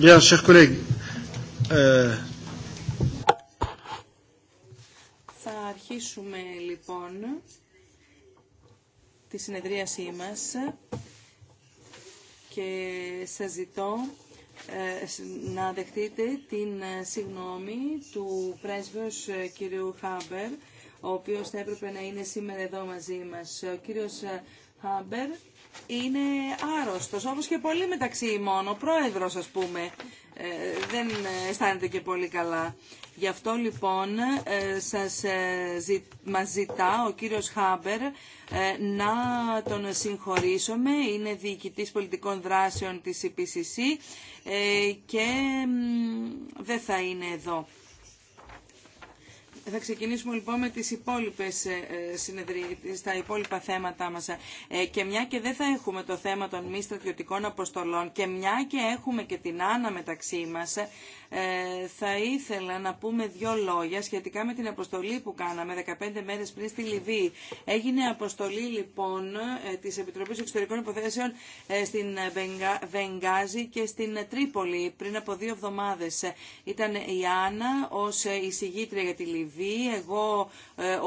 Euh, θα αρχίσουμε λοιπόν τη συνεδρίασή μας και σας ζητώ ε, να δεχτείτε την ε, συγνώμη του πρέσβος ε, κυρίου Χάμπερ, ο οποίος θα έπρεπε να είναι σήμερα εδώ μαζί μας. Ο κύριος Χάμπερ είναι άρρωστος, όπως και πολύ μεταξύ μόνο, ο πρόεδρος ας πούμε ε, δεν ε, αισθάνεται και πολύ καλά. Γι' αυτό λοιπόν ε, σας, μας ζητά ο κύριος Χάμπερ να τον συγχωρήσουμε. Είναι διοικητής πολιτικών δράσεων της ΕΠΣΣ και δεν θα είναι εδώ. Θα ξεκινήσουμε λοιπόν με τις υπόλοιπες ε, συνεδρίες, τα υπόλοιπα θέματα μας. Ε, και μια και δεν θα έχουμε το θέμα των μη στρατιωτικών αποστολών και μια και έχουμε και την Άννα μεταξύ μας, ε, θα ήθελα να πούμε δύο λόγια σχετικά με την αποστολή που κάναμε 15 μέρες πριν στη Λιβύη. Έγινε αποστολή λοιπόν ε, της Επιτροπής Εξωτερικών Υποθέσεων ε, στην Βενγάζη και στην Τρίπολη πριν από δύο εβδομάδες. Ήταν η Άννα ως εισηγήτρια για τη Λιβύη, εγώ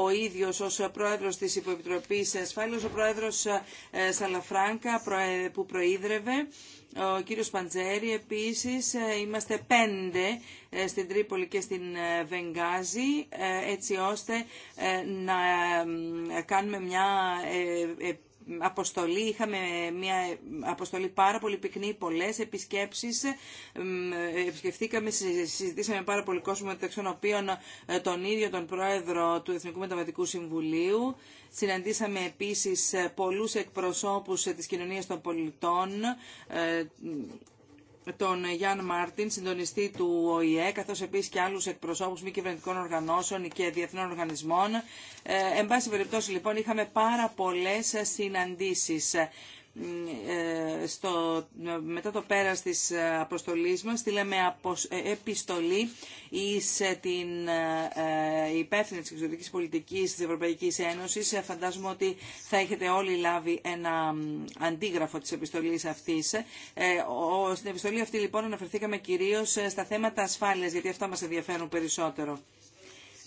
ο ίδιος ως πρόεδρος της Υποεπιτροπής Ασφάλειας, ο πρόεδρος Σαλαφράνκα που προείδρευε ο κύριος Παντζέρη επίσης, ε, είμαστε πέντε ε, στην Τρίπολη και στην ε, Βενγάζη έτσι ώστε να κάνουμε μια αποστολή, είχαμε μια αποστολή πάρα πολύ πυκνή, πολλές επισκέψεις, επισκεφθήκαμε, συζητήσαμε πάρα πολύ κόσμο μεταξύ των οποίων ε, τον ίδιο τον πρόεδρο του Εθνικού Μεταβατικού Συμβουλίου, συναντήσαμε επίσης ε, πολλούς εκπροσώπους ε, της κοινωνίας των πολιτών, τον Γιάν Μάρτιν, συντονιστή του ΟΗΕ, καθώς επίσης και άλλους εκπροσώπους μη κυβερνητικών οργανώσεων και διεθνών οργανισμών. Ε, εν πάση περιπτώσει, λοιπόν, είχαμε πάρα πολλές συναντήσει. Ε, μετά το πέρας της αποστολής μας στείλαμε ε, επιστολή εις ε, την υπεύθυνη της εξωτερικής πολιτικής της Ευρωπαϊκής Ένωσης. Φαντάζομαι ότι θα έχετε όλοι λάβει ένα αντίγραφο της επιστολής αυτής. Στην επιστολή αυτή λοιπόν αναφερθήκαμε κυρίως στα θέματα ασφάλειας γιατί αυτά μας ενδιαφέρουν περισσότερο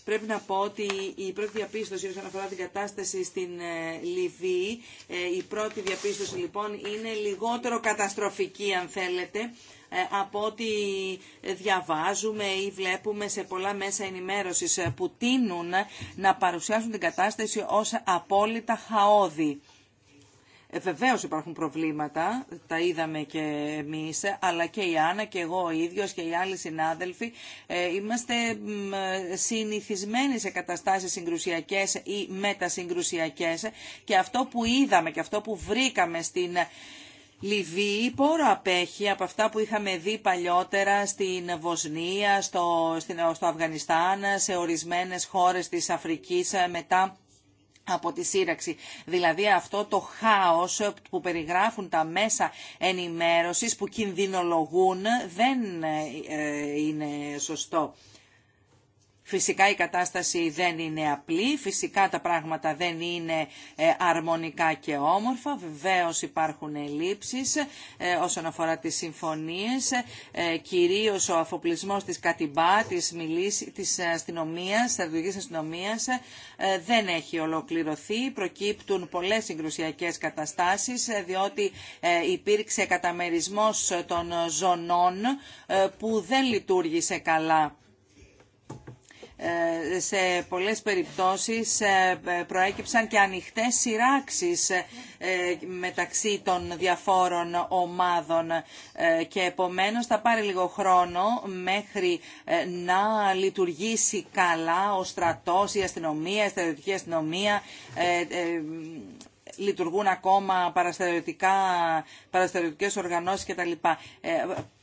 πρέπει να πω ότι η πρώτη διαπίστωση όσον αφορά την κατάσταση στην ε, Λιβύη, ε, η πρώτη διαπίστωση λοιπόν είναι λιγότερο καταστροφική αν θέλετε, ε, από ό,τι διαβάζουμε ή βλέπουμε σε πολλά μέσα ενημέρωσης που τίνουν να παρουσιάσουν την κατάσταση ως απόλυτα χαόδη. Ε, Βεβαίω υπάρχουν προβλήματα, τα είδαμε και εμεί, αλλά και η Άννα και εγώ ο ίδιο και οι άλλοι συνάδελφοι ε, είμαστε συνηθισμένοι σε καταστάσει συγκρουσιακέ ή μετασυγκρουσιακέ και αυτό που είδαμε και αυτό που βρήκαμε στην. Λιβύη πόρο απέχει από αυτά που είχαμε δει παλιότερα στην Βοσνία, στο, στο Αφγανιστάν, σε ορισμένες χώρες της Αφρικής ε, μετά από τη σύραξη. Δηλαδή αυτό το χάος που περιγράφουν τα μέσα ενημέρωσης που κινδυνολογούν δεν ε, ε, είναι σωστό. Φυσικά η κατάσταση δεν είναι απλή, φυσικά τα πράγματα δεν είναι ε, αρμονικά και όμορφα, βεβαίως υπάρχουν ελλείψεις ε, όσον αφορά τις συμφωνίες, ε, κυρίως ο αφοπλισμός της Κατιμπά, της, μιλής, της αστυνομίας, αστυνομίας δεν έχει ολοκληρωθεί, προκύπτουν πολλές συγκρουσιακές καταστάσεις, διότι υπήρξε καταμερισμός των ζωνών που δεν λειτουργήσε καλά ε, σε πολλές περιπτώσεις ε, προέκυψαν και ανοιχτές σειράξεις ε, μεταξύ των διαφόρων ομάδων και επομένως θα πάρει λίγο χρόνο μέχρι να λειτουργήσει καλά ο στρατός, η αστυνομία, η στρατιωτική αστυνομία λειτουργούν ακόμα παραστατιωτικές οργανώσεις κτλ.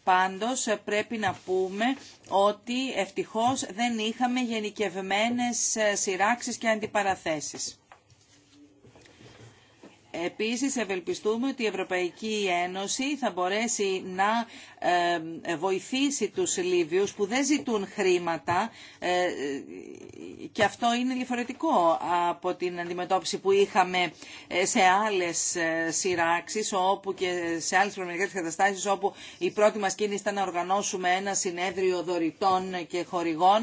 Πάντως πρέπει να πούμε ότι ευτυχώς δεν είχαμε γενικευμένες ε, σειράξεις και αντιπαραθέσεις. Επίσης ευελπιστούμε ότι η Ευρωπαϊκή Ένωση θα μπορέσει να ε, βοηθήσει τους Λίβιους που δεν ζητούν χρήματα ε, και αυτό είναι διαφορετικό από την αντιμετώπιση που είχαμε ε, σε άλλες σειράξεις όπου και σε άλλες προμηνικές καταστάσεις όπου η πρώτη μας κίνηση ήταν να οργανώσουμε ένα συνέδριο δωρητών και χορηγών.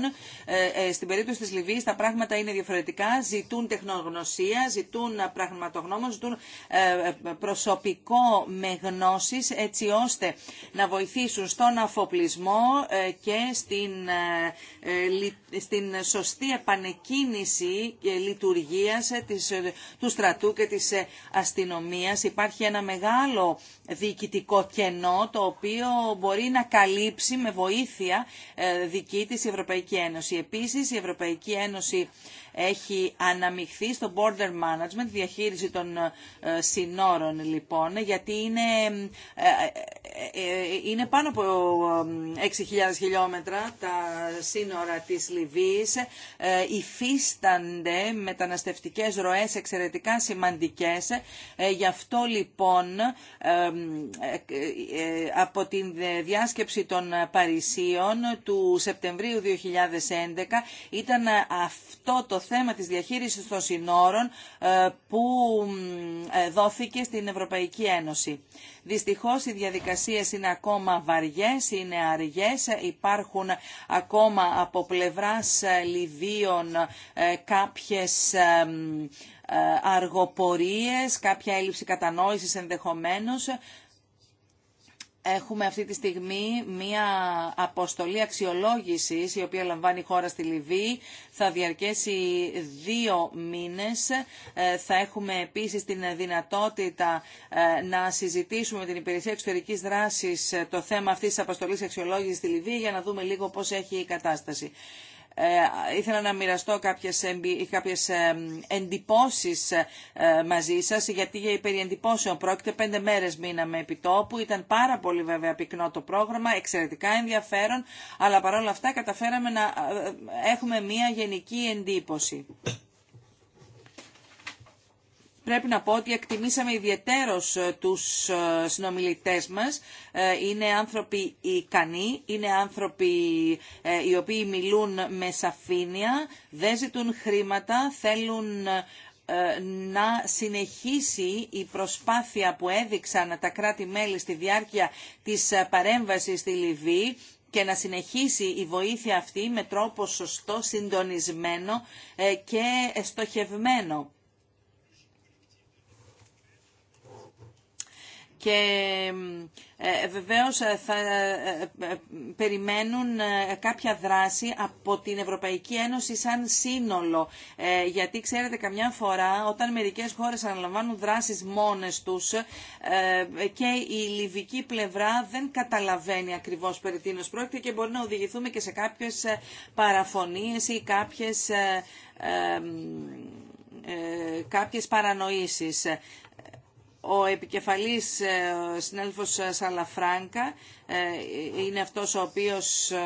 Στην περίπτωση της Λιβύης τα πράγματα είναι διαφορετικά. Ζητούν τεχνογνωσία, ζητούν πραγματογνώμα, ζητούν προσωπικό με γνώσεις έτσι ώστε να βοηθήσουν στον αφοπλισμό ε, και στην, ε, ε, στην σωστή επανεκκίνηση λειτουργίας του στρατού και της αστυνομίας. Υπάρχει ένα μεγάλο διοικητικό κενό το οποίο μπορεί να καλύψει με βοήθεια δική της Ευρωπαϊκή Ένωση. Επίσης η Ευρωπαϊκή Ένωση έχει αναμειχθεί στο border management, διαχείριση των ε, συνόρων λοιπόν, γιατί είναι, ε, ε, είναι πάνω από 6.000 χιλιόμετρα τα σύνορα της Λιβύης, υφίστανται μεταναστευτικές ροές εξαιρετικά σημαντικές, γι' αυτό λοιπόν από την διάσκεψη των Παρισίων του Σεπτεμβρίου 2011 ήταν αυτό το θέμα της διαχείρισης των συνόρων ε, που ε, δόθηκε στην Ευρωπαϊκή Ένωση. Δυστυχώς οι διαδικασίες είναι ακόμα βαριές, είναι αργές, υπάρχουν ακόμα από πλευράς ε, Λιβύων κάποιες αργοπορίες, κάποια έλλειψη κατανόησης ενδεχομένως Έχουμε αυτή τη στιγμή μία αποστολή αξιολόγησης η οποία λαμβάνει η χώρα στη Λιβύη. Θα διαρκέσει δύο μήνες. Ε, θα έχουμε επίσης την δυνατότητα ε, να συζητήσουμε με την Υπηρεσία Εξωτερικής Δράσης ε, το θέμα αυτής της αποστολής αξιολόγησης στη Λιβύη για να δούμε λίγο πώς έχει η κατάσταση. Ε, ήθελα να μοιραστώ κάποιες, κάποιες ε, εντυπώσεις ε, μαζί σας, γιατί για υπεριεντυπώσεων πρόκειται πέντε μέρες μείναμε επί τόπου. Ήταν πάρα πολύ βέβαια πυκνό το πρόγραμμα, εξαιρετικά ενδιαφέρον, αλλά παρόλα αυτά καταφέραμε να έχουμε μια γενική εντύπωση. Πρέπει να πω ότι εκτιμήσαμε ιδιαιτέρως ε, τους ε, συνομιλητές μας. Ε, είναι άνθρωποι ικανοί, είναι άνθρωποι οι οποίοι μιλούν με σαφήνεια, δεν ζητούν χρήματα, θέλουν να συνεχίσει η προσπάθεια που έδειξαν τα κράτη-μέλη στη διάρκεια της παρέμβασης στη Λιβύη και να συνεχίσει η βοήθεια αυτή με τρόπο σωστό, συντονισμένο και στοχευμένο. και ε, ε, βεβαίως ε, θα περιμένουν κάποια δράση από την Ευρωπαϊκή Ένωση σαν σύνολο. Γιατί ξέρετε καμιά φορά όταν μερικές χώρες αναλαμβάνουν δράσεις μόνες τους και η λιβική πλευρά δεν καταλαβαίνει ακριβώς περί τίνος πρόκειται και μπορεί να οδηγηθούμε και σε κάποιες παραφωνίες ή κάποιες κάποιες παρανοήσεις ο επικεφαλής ε, συνέλφος ε, Σαλαφράνκα ε, είναι αυτός ο οποίος ε,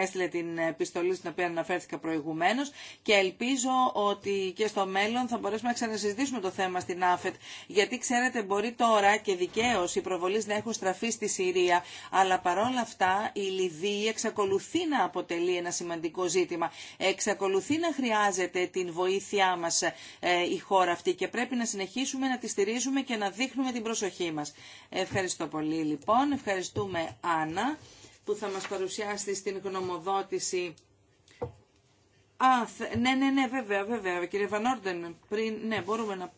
έστειλε την επιστολή στην οποία αναφέρθηκα προηγουμένως και ελπίζω ότι και στο μέλλον θα μπορέσουμε να ξανασυζητήσουμε το θέμα στην ΑΦΕΤ γιατί ξέρετε μπορεί τώρα και δικαίω οι προβολείς να έχουν στραφεί στη Συρία αλλά παρόλα αυτά η Λιβύη εξακολουθεί να αποτελεί ένα σημαντικό ζήτημα εξακολουθεί να χρειάζεται την βοήθειά μας ε, η χώρα αυτή και πρέπει να συνεχίσουμε να τη στηρίζουμε και να δείχνουμε την προσοχή μας. Ευχαριστώ πολύ λοιπόν. Ευχαριστώ ευχαριστούμε Άννα που θα μας παρουσιάσει στην γνωμοδότηση Α, ναι, ναι, ναι, βέβαια, βέβαια, κύριε Βανόρντεν, πριν, ναι, μπορούμε να...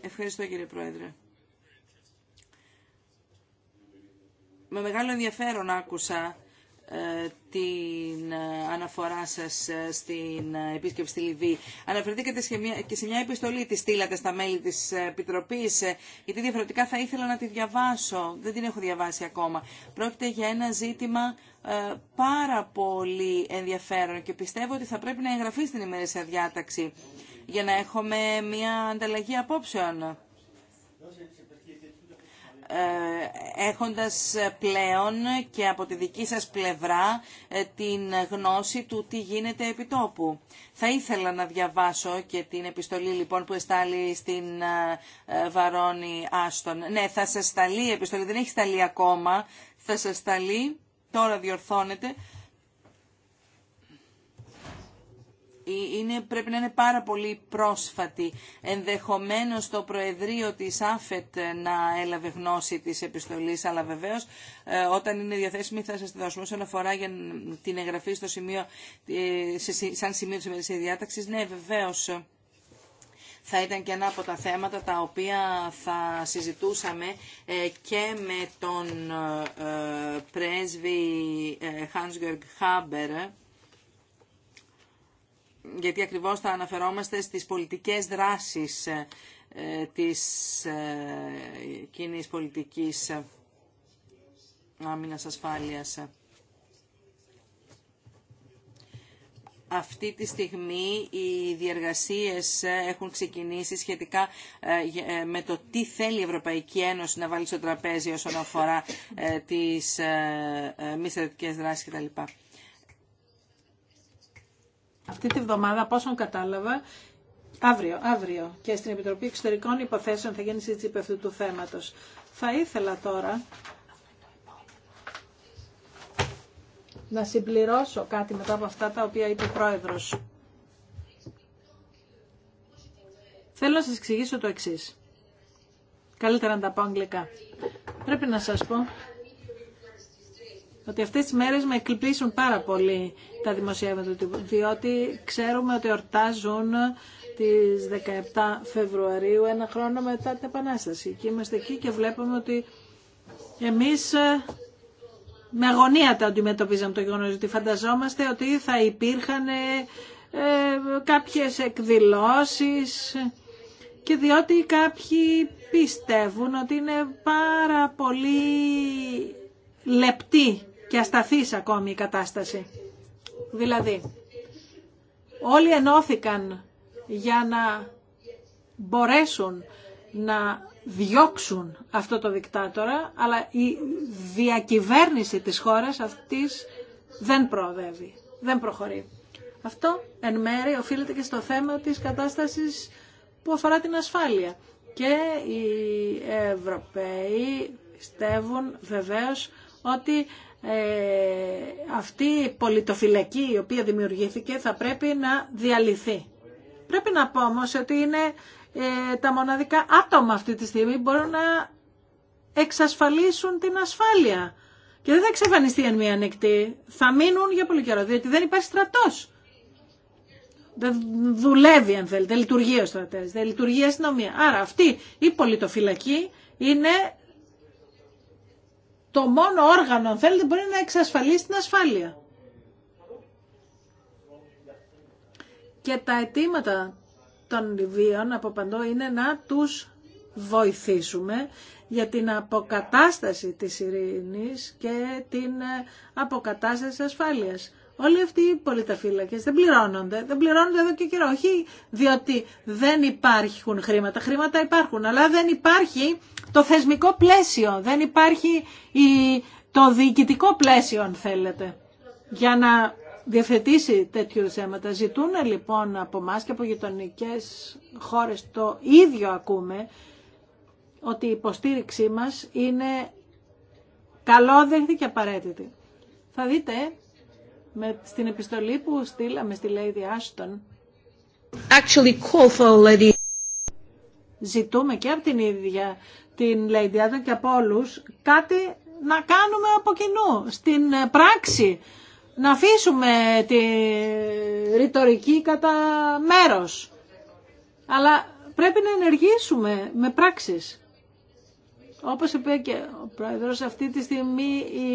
Ευχαριστώ κύριε Πρόεδρε. Με μεγάλο ενδιαφέρον άκουσα ε, την ε, αναφορά σας ε, στην επίσκεψη στη Λιβύη. Αναφερθήκατε και σε μια επιστολή τη στείλατε στα μέλη της Επιτροπής, γιατί διαφορετικά θα ήθελα να τη διαβάσω. Δεν την έχω διαβάσει ακόμα. Πρόκειται για ένα ζήτημα πάρα πολύ ενδιαφέρον και πιστεύω ότι θα πρέπει να εγγραφεί στην ημερήσια διάταξη για να έχουμε μια ανταλλαγή απόψεων. Ε, έχοντας πλέον και από τη δική σας πλευρά ε, την γνώση του τι γίνεται επί τόπου. Θα ήθελα να διαβάσω και την επιστολή λοιπόν που εστάλει στην ε, Βαρόνη Άστον. Ναι, θα σας σταλεί η επιστολή, δεν έχει σταλεί ακόμα, θα σας σταλεί, τώρα διορθώνεται, είναι, πρέπει να είναι πάρα πολύ πρόσφατη. Ενδεχομένως το Προεδρείο της ΑΦΕΤ να έλαβε γνώση της επιστολής, αλλά βεβαίως ε, όταν είναι διαθέσιμη θα σας τη δώσουμε όσον αφορά για την εγγραφή στο σημείο, ε, σαν σημείο της ημερησίας διάταξης. Ναι, βεβαίως ε, θα ήταν και ένα από τα θέματα τα οποία θα συζητούσαμε και με τον πρέσβη Hans-Georg Haber γιατί ακριβώς θα αναφερόμαστε στις πολιτικές δράσεις ε, της ε, κοινή πολιτικής ε, άμυνας ασφάλειας. Αυτή τη στιγμή οι διεργασίες έχουν ξεκινήσει σχετικά με το τι θέλει η Ευρωπαϊκή Ένωση να βάλει στο τραπέζι όσον αφορά τις μη στρατικές δράσεις κτλ. Αυτή τη βδομάδα, από όσον κατάλαβα, αύριο, αύριο και στην Επιτροπή Εξωτερικών Υποθέσεων θα γίνει συζήτηση επί αυτού του θέματος. Θα ήθελα τώρα να συμπληρώσω κάτι μετά από αυτά τα οποία είπε ο Πρόεδρος. Θέλω να σας εξηγήσω το εξής. Καλύτερα να τα πω αγγλικά. Πρέπει να σας πω ότι αυτές τις μέρες με εκλυπήσουν πάρα πολύ τα δημοσιεύματα του διότι ξέρουμε ότι ορτάζουν τις 17 Φεβρουαρίου, ένα χρόνο μετά την Επανάσταση. Και είμαστε εκεί και βλέπουμε ότι εμείς ε, με αγωνία τα αντιμετωπίζαμε το γεγονός, ότι φανταζόμαστε ότι θα υπήρχαν ε, κάποιες εκδηλώσεις και διότι κάποιοι πιστεύουν ότι είναι πάρα πολύ λεπτή και ασταθής ακόμη η κατάσταση. Δηλαδή, όλοι ενώθηκαν για να μπορέσουν να διώξουν αυτό το δικτάτορα, αλλά η διακυβέρνηση της χώρας αυτής δεν προοδεύει, δεν προχωρεί. Αυτό εν μέρει οφείλεται και στο θέμα της κατάστασης που αφορά την ασφάλεια. Και οι Ευρωπαίοι πιστεύουν βεβαίως ότι ε, αυτή η πολιτοφυλακή η οποία δημιουργήθηκε θα πρέπει να διαλυθεί. Πρέπει να πω όμως ότι είναι ε, τα μοναδικά άτομα αυτή τη στιγμή που μπορούν να εξασφαλίσουν την ασφάλεια. Και δεν θα εξαφανιστεί εν μία νυχτή. Θα μείνουν για πολύ καιρό, διότι δεν υπάρχει στρατός. Δεν δουλεύει, αν θέλετε, δεν λειτουργεί ο στρατές, δεν λειτουργεί η αστυνομία. Άρα αυτή η πολιτοφυλακή είναι το μόνο όργανο, αν θέλετε, μπορεί να εξασφαλίσει την ασφάλεια. Και τα αιτήματα των Λιβύων από παντό είναι να τους βοηθήσουμε για την αποκατάσταση της ειρήνης και την αποκατάσταση της ασφάλειας. Όλοι αυτοί οι πολιταφύλακε δεν πληρώνονται. Δεν πληρώνονται εδώ και καιρό. Όχι διότι δεν υπάρχουν χρήματα. Χρήματα υπάρχουν, αλλά δεν υπάρχει το θεσμικό πλαίσιο. Δεν υπάρχει το διοικητικό πλαίσιο, αν θέλετε, για να διαθετήσει τέτοιου θέματα. Ζητούν λοιπόν από εμά και από γειτονικέ χώρες το ίδιο ακούμε, ότι η υποστήριξή μας είναι καλόδεχτη και απαραίτητη. Θα δείτε με, στην επιστολή που στείλαμε στη Lady Ashton. Actually call for Lady. Ζητούμε και από την ίδια την Lady Ashton και από όλου κάτι να κάνουμε από κοινού, στην πράξη. Να αφήσουμε τη ρητορική κατά μέρος. Αλλά πρέπει να ενεργήσουμε με πράξεις. Όπως είπε και ο Πρόεδρος, αυτή τη στιγμή η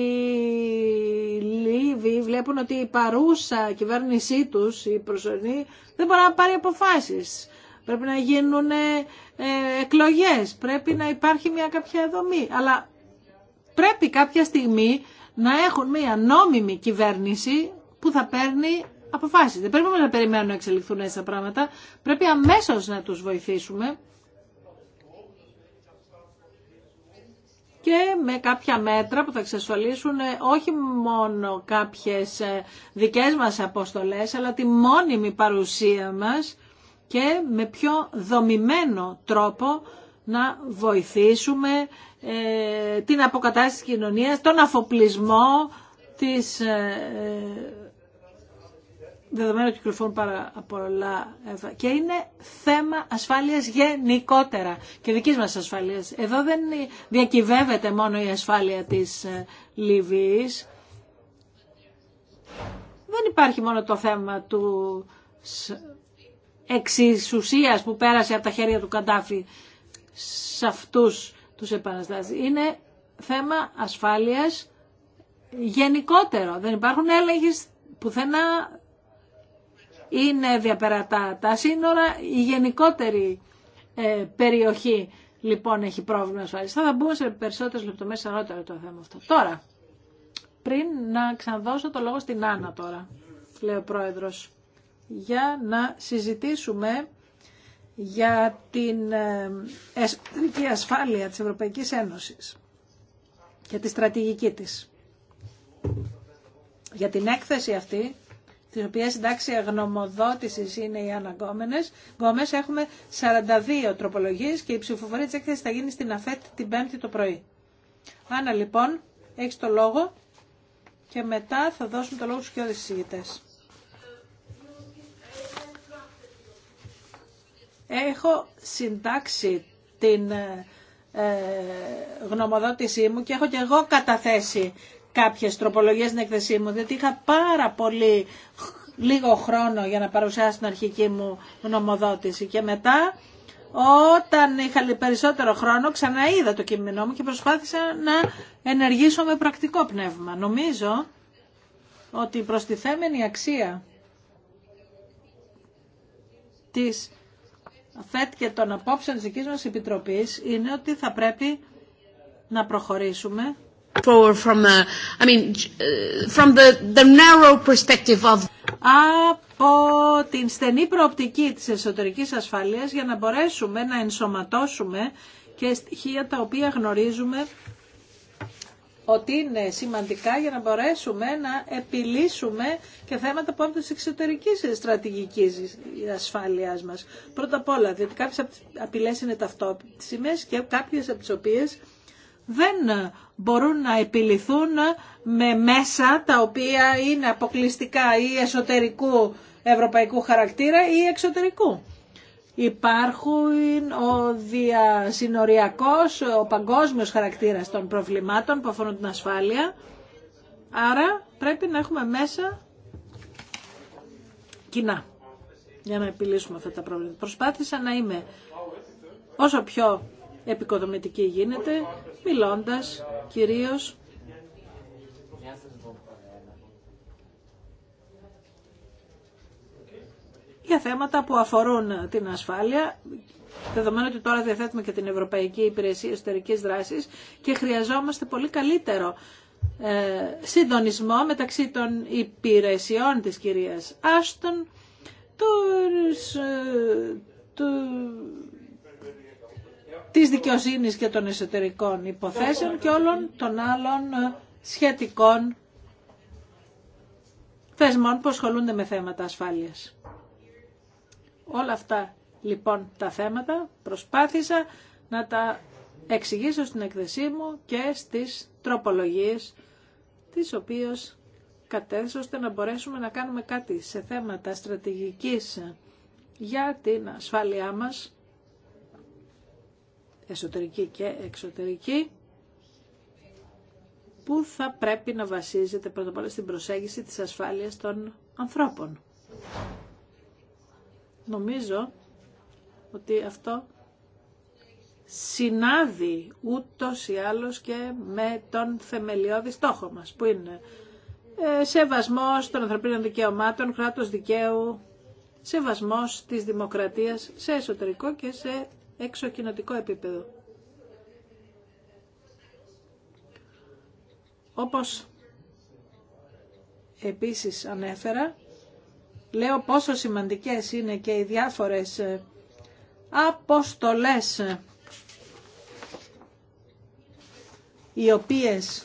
βλέπουν ότι η παρούσα κυβέρνησή τους, η προσωρινή, δεν μπορεί να πάρει αποφάσεις. Πρέπει να γίνουν ε, ε, εκλογές, πρέπει να υπάρχει μια κάποια δομή. Αλλά πρέπει κάποια στιγμή να έχουν μια νόμιμη κυβέρνηση που θα παίρνει αποφάσεις. Δεν πρέπει να περιμένουν να εξελιχθούν έτσι τα πράγματα, πρέπει αμέσως να τους βοηθήσουμε και με κάποια μέτρα που θα εξασφαλίσουν ε, όχι μόνο κάποιες ε, δικές μας αποστολές, αλλά τη μόνιμη παρουσία μας και με πιο δομημένο τρόπο να βοηθήσουμε ε, την αποκατάσταση της κοινωνίας, τον αφοπλισμό, της δεδομένου ότι κυκλοφορούν πάρα πολλά και είναι θέμα ασφάλειας γενικότερα και δική μας ασφάλειας. Εδώ δεν διακυβεύεται μόνο η ασφάλεια της ε, Λιβύης. Δεν υπάρχει μόνο το θέμα του εξισουσίας που πέρασε από τα χέρια του Καντάφη σε αυτούς τους επαναστάτες. Είναι θέμα ασφάλειας γενικότερο. Δεν υπάρχουν έλεγχοι πουθενά είναι διαπερατά τα σύνορα, η γενικότερη ε, περιοχή λοιπόν έχει πρόβλημα ασφάλισης. Θα, θα μπούμε σε περισσότερες λεπτομέρειες αργότερα το θέμα αυτό. Τώρα, πριν να ξαναδώσω το λόγο στην Άννα τώρα, λέει ο Πρόεδρος, για να συζητήσουμε για την ε, εσωτερική ασφάλεια της Ευρωπαϊκής Ένωσης και τη στρατηγική της. Για την έκθεση αυτή τι οποίε συντάξει αγνομοδότησης είναι οι αναγκόμενε. Γκόμε έχουμε 42 τροπολογίες και η ψηφοφορία τη έκθεση θα γίνει στην ΑΦΕΤ την πέμπτη το πρωί. Άννα λοιπόν, έχει το λόγο και μετά θα δώσουμε το λόγο στους κοιόδες συζητητές. Έχω συντάξει την ε, ε, γνωμοδότησή μου και έχω και εγώ καταθέσει κάποιες τροπολογίες στην εκθεσή μου, διότι είχα πάρα πολύ λίγο χρόνο για να παρουσιάσω την αρχική μου νομοδότηση και μετά όταν είχα περισσότερο χρόνο ξαναείδα το κείμενό μου και προσπάθησα να ενεργήσω με πρακτικό πνεύμα. Νομίζω ότι η προστιθέμενη αξία της ΦΕΤ και των απόψεων της δικής μας Επιτροπής είναι ότι θα πρέπει να προχωρήσουμε from uh, I mean, uh, from the, the narrow perspective of από την στενή προοπτική της εσωτερικής ασφαλείας για να μπορέσουμε να ενσωματώσουμε και στοιχεία τα οποία γνωρίζουμε ότι είναι σημαντικά για να μπορέσουμε να επιλύσουμε και θέματα που από της εξωτερικής στρατηγικής ασφάλειάς μας. Πρώτα απ' όλα, διότι κάποιες απειλές είναι ταυτόσιμες και κάποιες από τις οποίες δεν μπορούν να επιληθούν με μέσα τα οποία είναι αποκλειστικά ή εσωτερικού ευρωπαϊκού χαρακτήρα ή εξωτερικού. Υπάρχουν ο διασυνοριακός, ο παγκόσμιος χαρακτήρας των προβλημάτων που αφορούν την ασφάλεια. Άρα πρέπει να έχουμε μέσα κοινά για να επιλύσουμε αυτά τα προβλήματα. Προσπάθησα να είμαι όσο πιο επικοδομητική γίνεται, μιλώντας κυρίως για θέματα που αφορούν την ασφάλεια, δεδομένου ότι τώρα διαθέτουμε και την Ευρωπαϊκή Υπηρεσία Εσωτερικής Δράσης και χρειαζόμαστε πολύ καλύτερο ε, συντονισμό μεταξύ των υπηρεσιών της κυρίας Άστον, ε, του, του, της δικαιοσύνης και των εσωτερικών υποθέσεων και όλων των άλλων ε, σχετικών θεσμών που ασχολούνται με θέματα ασφάλειας. Όλα αυτά λοιπόν τα θέματα προσπάθησα να τα εξηγήσω στην εκθεσή μου και στις τροπολογίες τις οποίες κατέθεσα ώστε να μπορέσουμε να κάνουμε κάτι σε θέματα στρατηγικής για την ασφάλειά μας εσωτερική και εξωτερική, που θα πρέπει να βασίζεται πρώτα απ' όλα στην προσέγγιση της ασφάλειας των ανθρώπων. Νομίζω ότι αυτό συνάδει ούτως ή άλλως και με τον θεμελιώδη στόχο μας, που είναι ε, σεβασμός των ανθρωπίνων δικαιωμάτων, κράτος δικαίου, σεβασμός της δημοκρατίας σε εσωτερικό και σε έξω κοινοτικό επίπεδο. Όπως επίσης ανέφερα, λέω πόσο σημαντικές είναι και οι διάφορες ε, αποστολές ε, οι οποίες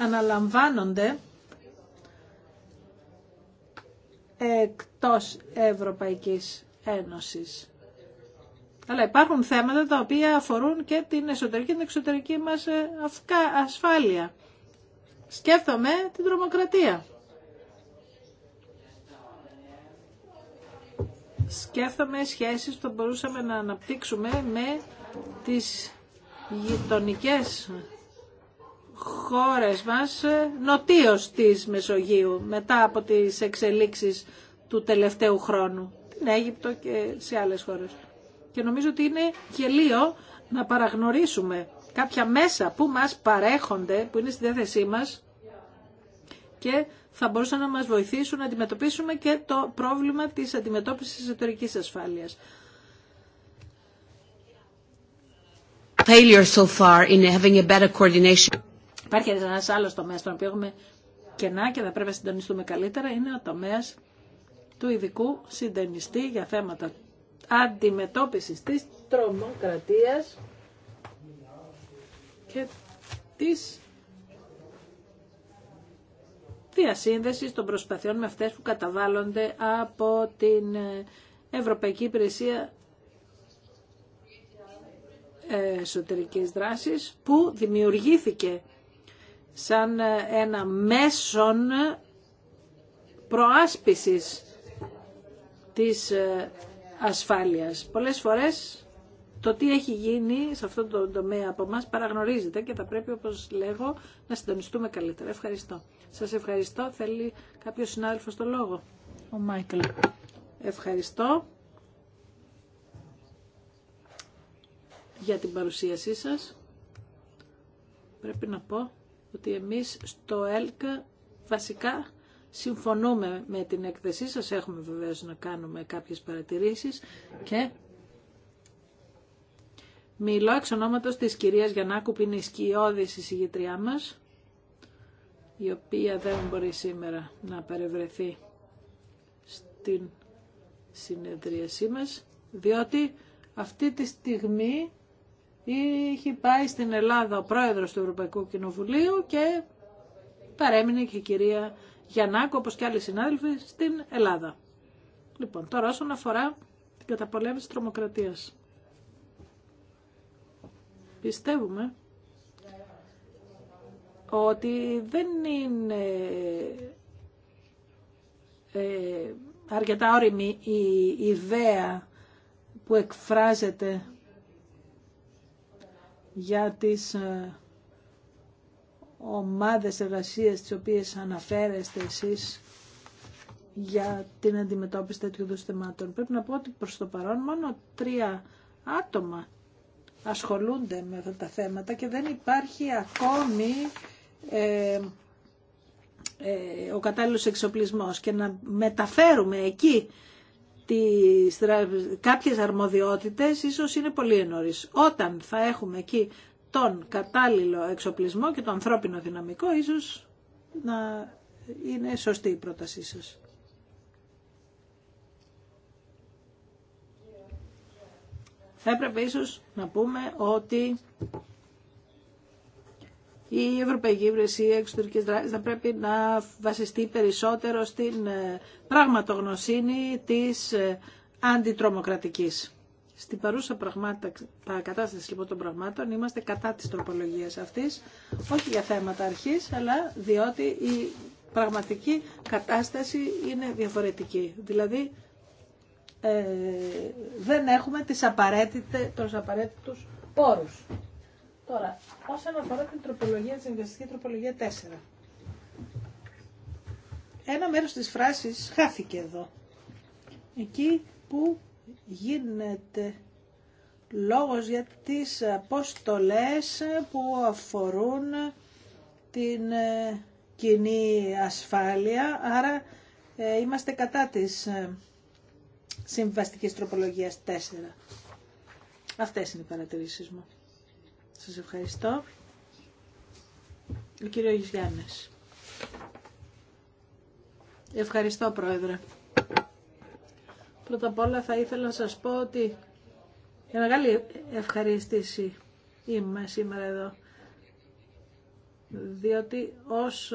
αναλαμβάνονται εκτός Ευρωπαϊκής Ένωσης. Αλλά υπάρχουν θέματα τα οποία αφορούν και την εσωτερική και την εξωτερική μας ε, ασφάλεια. Σκέφτομαι την τρομοκρατία. Σκέφτομαι σχέσεις που μπορούσαμε να αναπτύξουμε με τις γειτονικέ χώρες μας ε, νοτίως της Μεσογείου μετά από τις εξελίξεις του τελευταίου χρόνου την Αίγυπτο και σε άλλες χώρες και νομίζω ότι είναι γελίο να παραγνωρίσουμε κάποια μέσα που μας παρέχονται, που είναι στη διάθεσή μας και θα μπορούσαν να μας βοηθήσουν να αντιμετωπίσουμε και το πρόβλημα της αντιμετώπισης της εσωτερικής ασφάλειας. so far in a Υπάρχει ένα άλλο τομέα στον οποίο έχουμε κενά και θα πρέπει να συντονιστούμε καλύτερα. Είναι ο τομέας του ειδικού συντονιστή για θέματα αντιμετώπισης της τρομοκρατίας και της διασύνδεσης των προσπαθειών με αυτές που καταβάλλονται από την ε, Ευρωπαϊκή Υπηρεσία ε, Εσωτερικής Δράσης που δημιουργήθηκε σαν ε, ένα μέσον προάσπισης της ασφάλειας. Πολλές φορές το τι έχει γίνει σε αυτό το τομέα από μας παραγνωρίζεται και θα πρέπει, όπως λέγω, να συντονιστούμε καλύτερα. Ευχαριστώ. Σας ευχαριστώ. Θέλει κάποιος συνάδελφος το λόγο. Ο Μάικλ. Ευχαριστώ για την παρουσίασή σας. Πρέπει να πω ότι εμείς στο ΕΛΚ βασικά συμφωνούμε με την έκθεσή σας, έχουμε βεβαίως να κάνουμε κάποιες παρατηρήσεις και μιλώ εξ ονόματος της κυρίας Γιαννάκου που είναι η σκιώδη μας, η οποία δεν μπορεί σήμερα να παρευρεθεί στην συνεδρίασή μας, διότι αυτή τη στιγμή είχε πάει στην Ελλάδα ο πρόεδρος του Ευρωπαϊκού Κοινοβουλίου και παρέμεινε και η κυρία Γιαννάκο, όπως και άλλοι συνάδελφοι, στην Ελλάδα. Λοιπόν, τώρα όσον αφορά την καταπολέμηση τρομοκρατίας. Πιστεύουμε ότι δεν είναι ε, αρκετά όριμη η ιδέα που εκφράζεται για τις ε, ομάδες εργασίας τις οποίες αναφέρεστε εσείς για την αντιμετώπιση τέτοιου είδους θεμάτων. Πρέπει να πω ότι προς το παρόν μόνο τρία άτομα ασχολούνται με αυτά τα θέματα και δεν υπάρχει ακόμη ε, ε, ο κατάλληλος εξοπλισμός και να μεταφέρουμε εκεί τις, κάποιες αρμοδιότητες ίσως είναι πολύ ενωρίς. Όταν θα έχουμε εκεί τον κατάλληλο εξοπλισμό και το ανθρώπινο δυναμικό, ίσως να είναι σωστή η πρότασή σας. Θα έπρεπε ίσως να πούμε ότι η Ευρωπαϊκή Υπηρεσία Εξωτερική δράση θα πρέπει να βασιστεί περισσότερο στην ε, πραγματογνωσύνη της ε, αντιτρομοκρατικής. Στην παρούσα πραγμάτα, κατάσταση λοιπόν των πραγμάτων είμαστε κατά της τροπολογίας αυτής, όχι για θέματα αρχής, αλλά διότι η πραγματική κατάσταση είναι διαφορετική. Δηλαδή ε, δεν έχουμε τις απαραίτητε, τους απαραίτητους πόρους. Τώρα, όσον αφορά την τροπολογία, τη συμβαστική τροπολογία 4. Ένα μέρος της φράσης χάθηκε εδώ. Εκεί που γίνεται λόγος για τις αποστολές που αφορούν την ε, κοινή ασφάλεια, άρα ε, είμαστε κατά της ε, συμβαστικής τροπολογίας 4. Αυτές είναι οι παρατηρήσεις μου. Σας ευχαριστώ. Ο κύριος Γιάννης. Ευχαριστώ, Πρόεδρε. Πρώτα απ' όλα θα ήθελα να σας πω ότι για μεγάλη ευχαρίστηση είμαι σήμερα εδώ. Διότι ως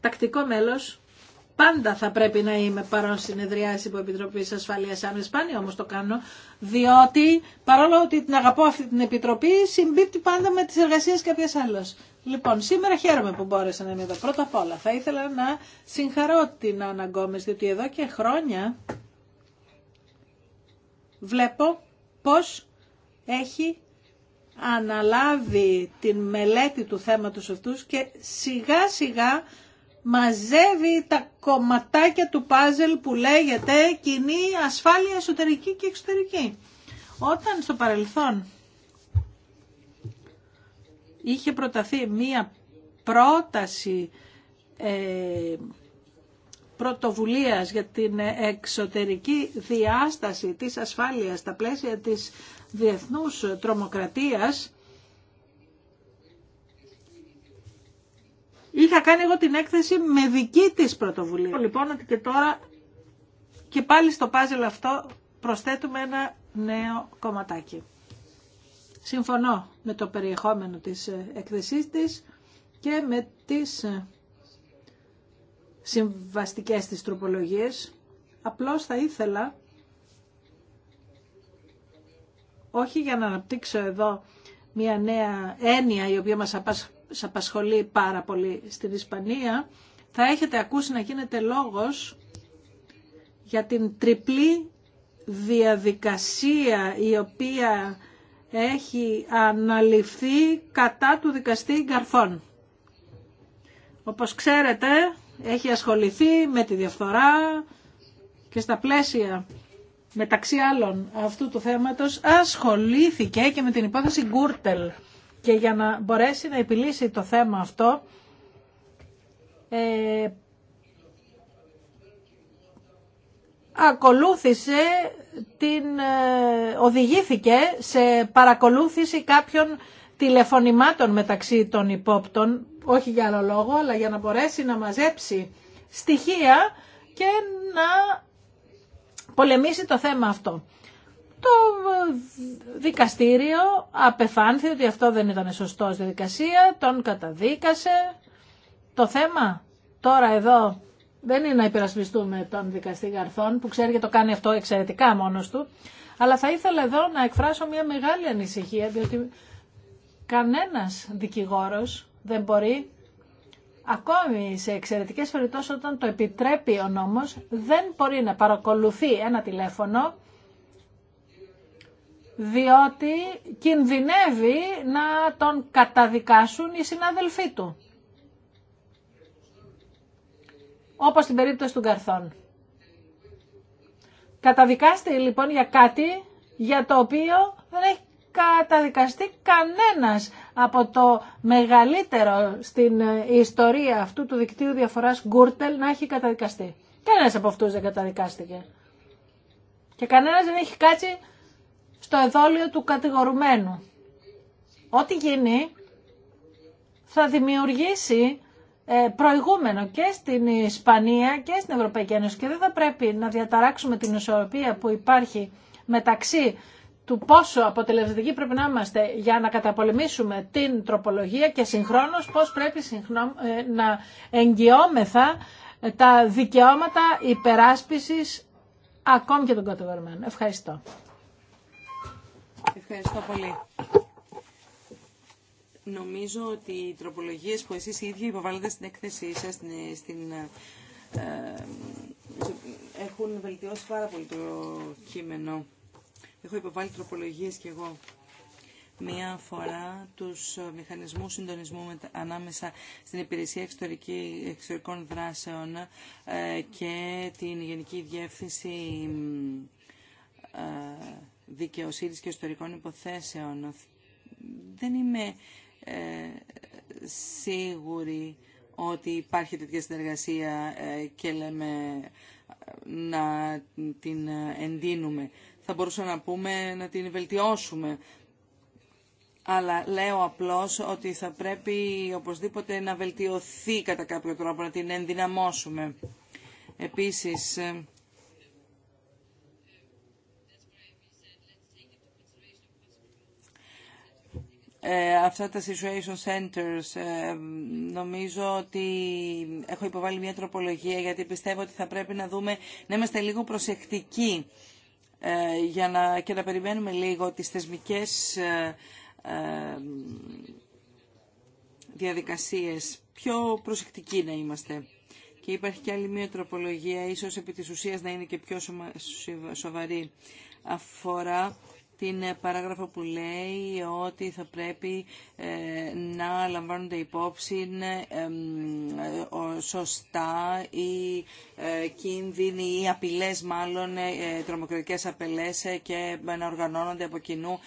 τακτικό μέλος πάντα θα πρέπει να είμαι παρόν συνεδριάς υπό Επιτροπή Ασφαλείας Άμυνας. Σπάνια όμως το κάνω, διότι παρόλο ότι την αγαπώ αυτή την Επιτροπή, συμπίπτει πάντα με τις εργασίες κάποιες άλλες. Λοιπόν, σήμερα χαίρομαι που μπόρεσα να είμαι εδώ. Πρώτα απ' όλα θα ήθελα να συγχαρώ την Άννα Γκόμες, διότι εδώ και χρόνια βλέπω πώς έχει αναλάβει την μελέτη του θέματος αυτούς και σιγά σιγά μαζεύει τα κομματάκια του πάζελ που λέγεται κοινή ασφάλεια εσωτερική και εξωτερική. Όταν στο παρελθόν είχε προταθεί μία πρόταση ε, πρωτοβουλίας για την εξωτερική διάσταση της ασφάλειας στα πλαίσια της διεθνούς τρομοκρατίας Είχα κάνει εγώ την έκθεση με δική της πρωτοβουλία. Λοιπόν, ότι και τώρα και πάλι στο πάζελ αυτό προσθέτουμε ένα νέο κομματάκι. Συμφωνώ με το περιεχόμενο της ε, έκθεσής της και με τις ε, συμβαστικές της τροπολογίες. Απλώς θα ήθελα, όχι για να αναπτύξω εδώ μια νέα έννοια η οποία μας απασχολεί, σε απασχολεί πάρα πολύ στην Ισπανία, θα έχετε ακούσει να γίνεται λόγος για την τριπλή διαδικασία η οποία έχει αναλυφθεί κατά του δικαστή Γκαρθών. Όπως ξέρετε, έχει ασχοληθεί με τη διαφθορά και στα πλαίσια μεταξύ άλλων αυτού του θέματος ασχολήθηκε και με την υπόθεση Γκούρτελ και για να μπορέσει να επιλύσει το θέμα αυτό, ε, ακολούθησε την, ε, οδηγήθηκε σε παρακολούθηση κάποιων τηλεφωνημάτων μεταξύ των υπόπτων, όχι για άλλο λόγο, αλλά για να μπορέσει να μαζέψει στοιχεία και να πολεμήσει το θέμα αυτό. Το ε, δικαστήριο απεφάνθη ότι αυτό δεν ήταν σωστό στη δικασία, τον καταδίκασε. Το θέμα τώρα εδώ δεν είναι να υπερασπιστούμε τον δικαστή Γαρθών που ξέρει και το κάνει αυτό εξαιρετικά μόνος του. Αλλά θα ήθελα εδώ να εκφράσω μια μεγάλη ανησυχία διότι κανένας δικηγόρος δεν μπορεί ακόμη σε εξαιρετικές περιπτώσεις όταν το επιτρέπει ο νόμος δεν μπορεί να παρακολουθεί ένα τηλέφωνο διότι κινδυνεύει να τον καταδικάσουν οι συνάδελφοί του. Όπως στην περίπτωση του Γκαρθών. Καταδικάστε λοιπόν για κάτι για το οποίο δεν έχει καταδικαστεί κανένας από το μεγαλύτερο στην ε, ιστορία αυτού του δικτύου διαφοράς Γκούρτελ να έχει καταδικαστεί. Κανένας από αυτούς δεν καταδικάστηκε. Και κανένας δεν έχει κάτσει στο εδόλιο του κατηγορουμένου. Ό,τι γίνει θα δημιουργήσει ε, προηγούμενο και στην Ισπανία και στην Ευρωπαϊκή Ένωση και δεν θα πρέπει να διαταράξουμε την ισορροπία που υπάρχει μεταξύ του πόσο αποτελεσματικοί πρέπει να είμαστε για να καταπολεμήσουμε την τροπολογία και συγχρόνως πώς πρέπει ε, να εγγυόμεθα τα δικαιώματα υπεράσπισης ακόμη και των κατηγορημένων. Ευχαριστώ. Ευχαριστώ πολύ. Νομίζω ότι οι τροπολογίες που εσείς οι ίδιοι υποβάλλετε στην έκθεσή σας, στην, ε, ε, έχουν βελτιώσει πάρα πολύ το κείμενο. Έχω υποβάλει τροπολογίες κι εγώ. Μία φορά τους μηχανισμούς συντονισμού ανάμεσα στην Υπηρεσία εξωτερική... Εξωτερικών Δράσεων ε, και την Γενική Διεύθυνση Δικαιοσύνης και Ιστορικών Υποθέσεων. Δεν είμαι ε, σίγουρη ότι υπάρχει τέτοια συνεργασία ε, και λέμε να την εντείνουμε. Θα μπορούσα να πούμε να την βελτιώσουμε. Αλλά λέω απλώς ότι θα πρέπει οπωσδήποτε να βελτιωθεί κατά κάποιο τρόπο, να την ενδυναμώσουμε. Επίσης, ε, Ε, αυτά τα situation centers ε, νομίζω ότι έχω υποβάλει μια τροπολογία γιατί πιστεύω ότι θα πρέπει να δούμε να είμαστε λίγο προσεκτικοί ε, για να, και να περιμένουμε λίγο τις θεσμικές διαδικασίες πιο προσεκτικοί να είμαστε. Και υπάρχει και άλλη μία τροπολογία, ίσως επί της ουσίας να είναι και πιο σοβαρή. Αφορά την ε, παράγραφο που λέει ότι θα πρέπει ε, να λαμβάνονται υπόψη ε, σωστά οι κίνδυνοι οι απειλές μάλλον, τρομοκρατικές απειλές και να οργανώνονται από κοινού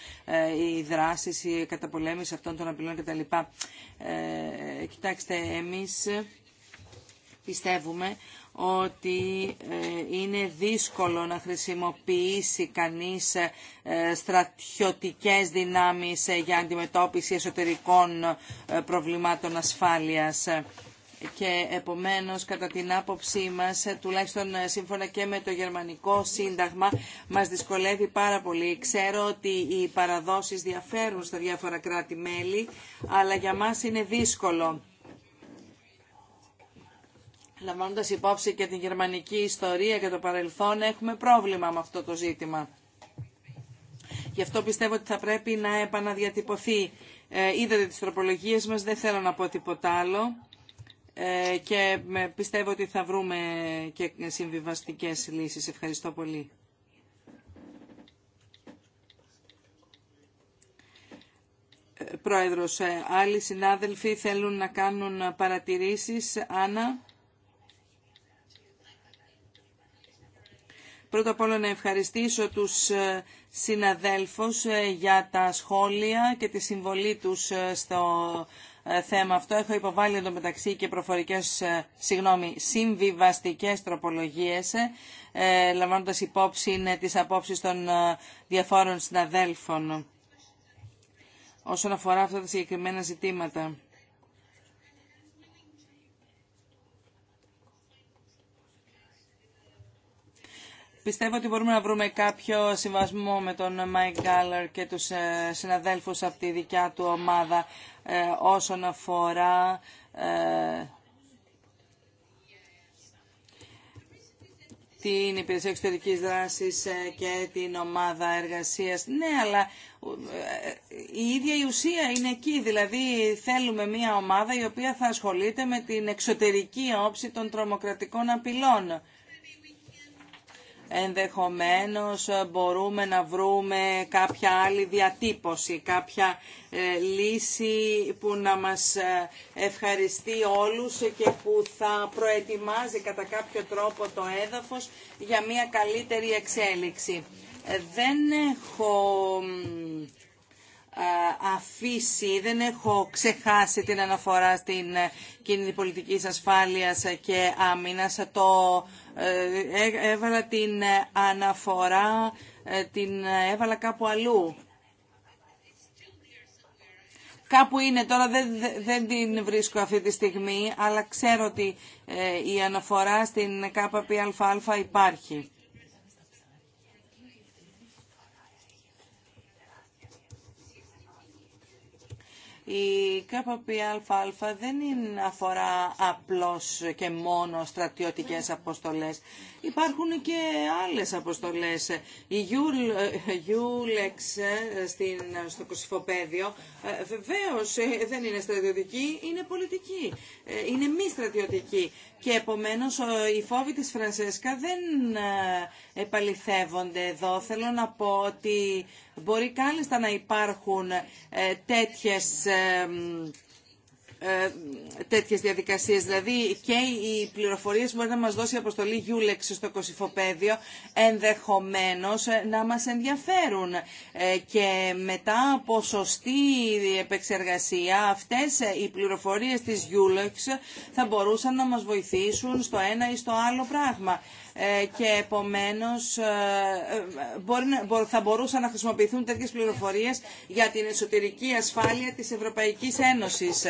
οι δράσεις, η καταπολέμηση αυτών των απειλών κτλ. Κοιτάξτε, εμείς πιστεύουμε ότι ε, είναι δύσκολο να χρησιμοποιήσει κανείς ε, στρατιωτικές δυνάμεις ε, για αντιμετώπιση εσωτερικών προβλημάτων ασφάλειας. Και επομένως, κατά την άποψή μας, τουλάχιστον σύμφωνα και με το γερμανικό σύνταγμα, μας δυσκολεύει πάρα πολύ. Ξέρω ότι οι παραδόσεις διαφέρουν στα διάφορα κράτη-μέλη, αλλά για μας είναι δύσκολο λαμβάνοντας υπόψη και την γερμανική ιστορία και το παρελθόν, έχουμε πρόβλημα με αυτό το ζήτημα. Γι' αυτό πιστεύω ότι θα πρέπει να επαναδιατυπωθεί. Ε, είδατε τις τροπολογίες μας, δεν θέλω να πω τίποτα άλλο ε, και πιστεύω ότι θα βρούμε και συμβιβαστικές λύσεις. Ευχαριστώ πολύ. Ε, πρόεδρος, άλλοι συνάδελφοι θέλουν να κάνουν παρατηρήσεις. Άννα. Πρώτα απ' όλα να ευχαριστήσω τους ε, συναδέλφους ε, για τα σχόλια και τη συμβολή τους ε, στο θέμα αυτό. Έχω υποβάλει μεταξύ και προφορικές, συγγνώμη, συμβιβαστικές τροπολογίες, λαμβάνοντας υπόψη τις απόψεις των διαφόρων συναδέλφων όσον αφορά αυτά τα συγκεκριμένα ζητήματα. Πιστεύω ότι μπορούμε να βρούμε κάποιο συμβασμό με τον Μάικ Γκάλλαρ και τους ε, συναδέλφους από τη δικιά του ομάδα ε, όσον αφορά ε, την υπηρεσία εξωτερικής δράσης και την ομάδα εργασίας. Ναι, αλλά η ίδια η ουσία είναι εκεί. Δηλαδή θέλουμε μια ομάδα η οποία θα ασχολείται με την εξωτερική όψη των τρομοκρατικών απειλών. Ενδεχομένως μπορούμε να βρούμε κάποια άλλη διατύπωση, κάποια ε, λύση που να μας ε, ευχαριστεί όλους και που θα προετοιμάζει κατά κάποιο τρόπο το έδαφος για μια καλύτερη εξέλιξη. Ε, δεν έχω ε, αφήσει, δεν έχω ξεχάσει την αναφορά στην ε, κίνητη πολιτικής ασφάλειας ε, και άμυνας. Το, έβαλα την αναφορά, την έβαλα κάπου αλλού. Κάπου είναι τώρα, δεν, δεν την βρίσκω αυτή τη στιγμή, αλλά ξέρω ότι η αναφορά στην ΚΠΑ υπάρχει. Η ΚΠΑ δεν είναι, αφορά απλώς και μόνο στρατιωτικές αποστολές. Υπάρχουν και άλλες αποστολές. Η ε, Γιούλεξ ε, στο Κωσυφοπαίδιο ε, βεβαίως δεν είναι στρατιωτική, είναι πολιτική. Είναι μη στρατιωτική. Και επομένως οι φόβοι της Φρανσέσκα δεν επαληθεύονται εδώ. Θέλω να πω ότι Μπορεί κάλλιστα να υπάρχουν ε, τέτοιες ε, ε, τέτοιε διαδικασίες. Δηλαδή και οι πληροφορίες μπορεί να μας δώσει η αποστολή Γιούλεξ στο Κωσυφοπαίδιο ενδεχομένως ε, να μας ενδιαφέρουν ε, και μετά από σωστή επεξεργασία αυτές οι πληροφορίες της Γιούλεξ θα μπορούσαν να μας βοηθήσουν στο ένα ή στο άλλο πράγμα και επομένως θα μπορούσαν να χρησιμοποιηθούν τέτοιες πληροφορίες για την εσωτερική ασφάλεια της Ευρωπαϊκής Ένωσης.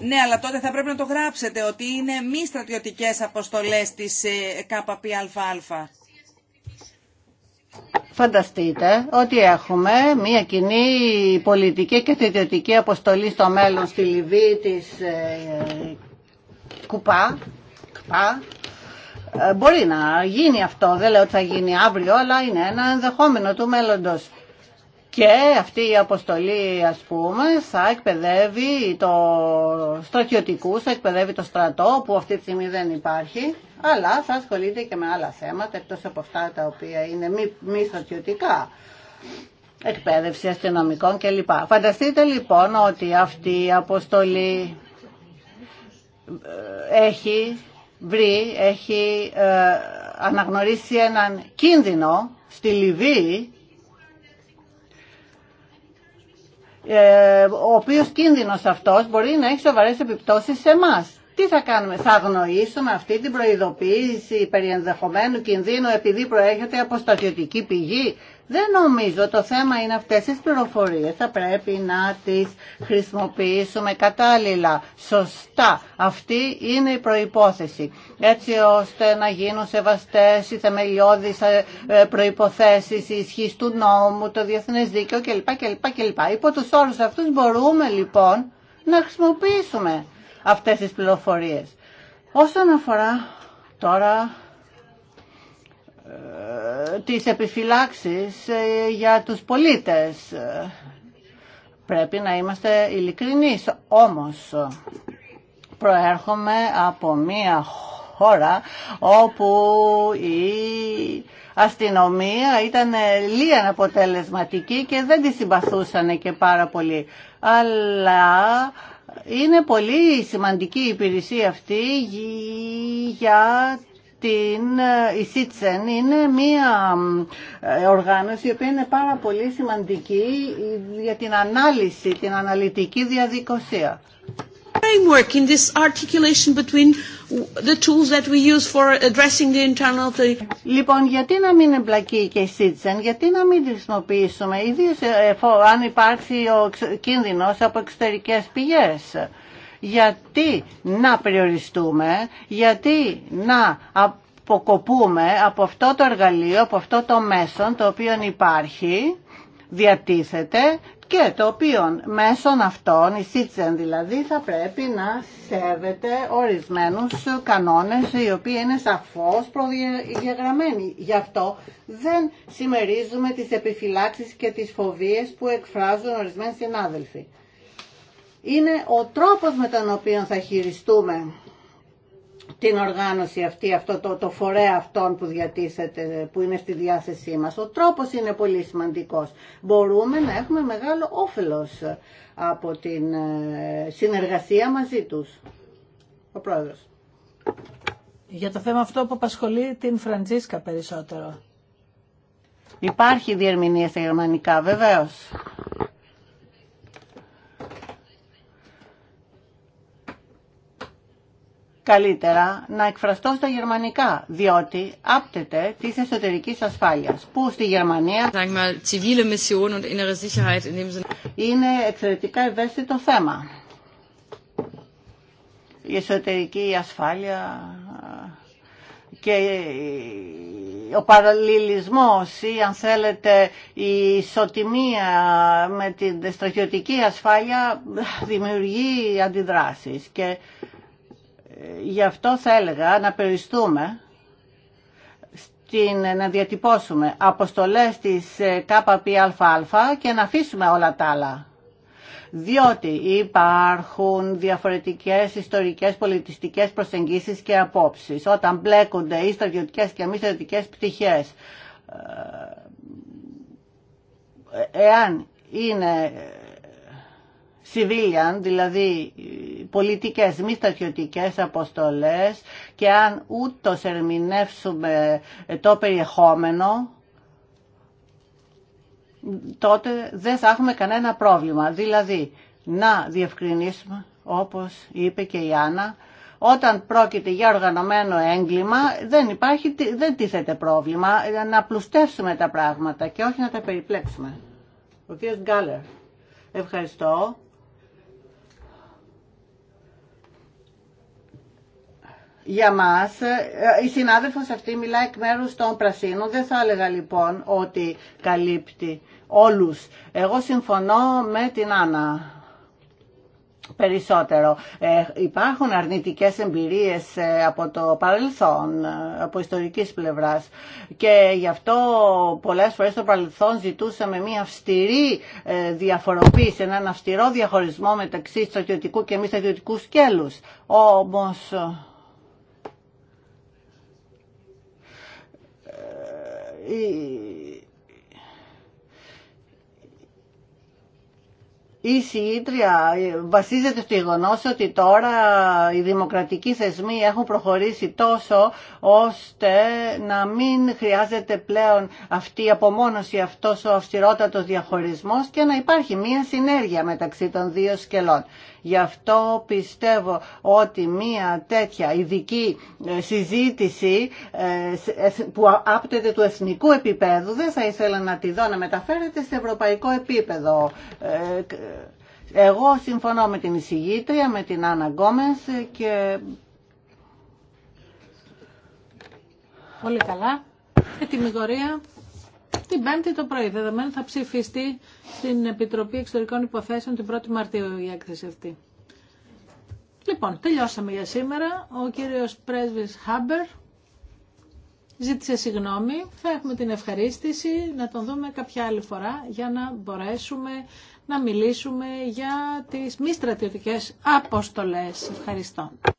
Ναι, αλλά τότε θα πρέπει να το γράψετε ότι είναι μη στρατιωτικές αποστολές της ε, ΚΠΑ. Φανταστείτε ότι έχουμε μια κοινή πολιτική και στρατιωτική αποστολή στο μέλλον στη Λιβύη της ε, ΚΟΥΠΑ. ΚΠΑ. Ε, μπορεί να γίνει αυτό, δεν λέω ότι θα γίνει αύριο, αλλά είναι ένα ενδεχόμενο του μέλλοντος. Και αυτή η αποστολή, ας πούμε, θα εκπαιδεύει το στρατιωτικού, θα εκπαιδεύει το στρατό, που αυτή τη στιγμή δεν υπάρχει, αλλά θα ασχολείται και με άλλα θέματα, εκτός από αυτά τα οποία είναι μη, μη στρατιωτικά. Εκπαίδευση αστυνομικών κλπ. Φανταστείτε λοιπόν ότι αυτή η αποστολή ε, έχει βρει, έχει ε, αναγνωρίσει έναν κίνδυνο στη Λιβύη Ε, ο οποίος κίνδυνος αυτός μπορεί να έχει σοβαρές επιπτώσεις σε εμάς. Τι θα κάνουμε, θα αγνοήσουμε αυτή την προειδοποίηση περί ενδεχομένου κινδύνου επειδή προέρχεται από στατιωτική πηγή. Δεν νομίζω το θέμα είναι αυτές τις πληροφορίες. Θα πρέπει να τις χρησιμοποιήσουμε κατάλληλα, σωστά. Αυτή είναι η προϋπόθεση. Έτσι ώστε να γίνουν σεβαστές οι θεμελιώδεις ε, ε, προϋποθέσεις, οι του νόμου, το διεθνές δίκαιο κλπ. κλπ, κλπ. Υπό τους όρους αυτούς μπορούμε λοιπόν να χρησιμοποιήσουμε αυτές τις πληροφορίες. Όσον αφορά τώρα ε, τις επιφυλάξεις ε, για τους πολίτες. Ε, πρέπει να είμαστε ειλικρινείς. Όμως προέρχομαι από μία χώρα όπου η αστυνομία ήταν λίγα αποτελεσματική και δεν τη συμπαθούσαν και πάρα πολύ. Αλλά είναι πολύ σημαντική η υπηρεσία αυτή για την ΙΣΙΤΣΕΝ είναι μία ε, οργάνωση η οποία είναι πάρα πολύ σημαντική ε, για την ανάλυση, την αναλυτική διαδικασία framework in this articulation between the tools that we use for addressing the internal Λοιπόν, γιατί να μην εμπλακεί και η Citizen, γιατί να μην τη χρησιμοποιήσουμε, ιδίω ε, αν υπάρχει ο κίνδυνος από εξωτερικές πηγές. Γιατί να περιοριστούμε, γιατί να αποκοπούμε από αυτό το εργαλείο, από αυτό το μέσον το οποίο υπάρχει διατίθεται και το οποίο μέσων αυτών, η Citizen δηλαδή, θα πρέπει να σέβεται ορισμένους κανόνες οι οποίοι είναι σαφώς προδιαγραμμένοι. Γι' αυτό δεν συμμερίζουμε τις επιφυλάξεις και τις φοβίες που εκφράζουν ορισμένοι συνάδελφοι. Είναι ο τρόπος με τον οποίο θα χειριστούμε την οργάνωση αυτή, αυτό το, το φορέα αυτών που διατίθεται, που είναι στη διάθεσή μας. Ο τρόπος είναι πολύ σημαντικός. Μπορούμε να έχουμε μεγάλο όφελος από την ε, συνεργασία μαζί τους. Ο Πρόεδρος. Για το θέμα αυτό που απασχολεί την Φραντζίσκα περισσότερο. Υπάρχει διερμηνία στα γερμανικά, βεβαίως. καλύτερα να εκφραστώ στα γερμανικά, διότι άπτεται τη εσωτερική ασφάλεια, που στη Γερμανία είναι εξαιρετικά ευαίσθητο θέμα. Η εσωτερική ασφάλεια ε, και ο παραλληλισμός ή αν θέλετε η ισοτιμία με την στρατιωτική ασφάλεια ε, δημιουργεί αντιδράσεις και γι' αυτό θα έλεγα να περιστούμε στην, να διατυπώσουμε αποστολές της ε, ΚΠΑ και να αφήσουμε όλα τα άλλα. Διότι υπάρχουν διαφορετικές ιστορικές πολιτιστικές προσεγγίσεις και απόψεις. Όταν μπλέκονται οι στρατιωτικές και μη στρατιωτικές πτυχές, ε, εάν είναι civilian, δηλαδή πολιτικές μη στρατιωτικές αποστολές και αν ούτως ερμηνεύσουμε ε, το περιεχόμενο τότε δεν θα έχουμε κανένα πρόβλημα. Δηλαδή να διευκρινίσουμε όπως είπε και η Άννα όταν πρόκειται για οργανωμένο έγκλημα δεν υπάρχει, δεν τίθεται πρόβλημα να πλουστεύσουμε τα πράγματα και όχι να τα περιπλέξουμε. Ο κ. Γκάλερ. Ευχαριστώ. για μας. Ε, η συνάδελφος αυτή μιλάει εκ μέρους των πρασίνων. Δεν θα έλεγα λοιπόν ότι καλύπτει όλους. Εγώ συμφωνώ με την Άννα περισσότερο. Ε, υπάρχουν αρνητικές εμπειρίες ε, από το παρελθόν, ε, από ιστορικής πλευράς και γι' αυτό πολλές φορές στο παρελθόν ζητούσαμε μια αυστηρή διαφοροποίηση, έναν αυστηρό διαχωρισμό μεταξύ στρατιωτικού και μη στρατιωτικού σκέλους. Όμως η συγήτρια ε, βασίζεται στο γεγονό ότι τώρα οι δημοκρατικοί θεσμοί έχουν προχωρήσει τόσο ώστε να μην χρειάζεται πλέον αυτή η απομόνωση, αυτός ο αυστηρότατος διαχωρισμός και να υπάρχει μία συνέργεια μεταξύ των δύο σκελών. Γι' αυτό πιστεύω ότι μία τέτοια ειδική ε, συζήτηση ε, ε, που άπτεται του εθνικού επίπεδου δεν θα ήθελα να τη δω να μεταφέρεται σε ευρωπαϊκό επίπεδο. Εγώ συμφωνώ με την εισηγήτρια, με την Άννα Γκόμες και... Πολύ καλά. Ετοιμιγωρία την Πέμπτη το πρωί. Δεδομένου θα ψηφιστεί στην Επιτροπή Εξωτερικών Υποθέσεων την 1η Μαρτίου η έκθεση αυτή. Λοιπόν, τελειώσαμε για σήμερα. Ο κύριος πρέσβης Χάμπερ ζήτησε συγγνώμη. Θα έχουμε την ευχαρίστηση να τον δούμε κάποια άλλη φορά για να μπορέσουμε να μιλήσουμε για τις μη στρατιωτικές αποστολές. Ευχαριστώ.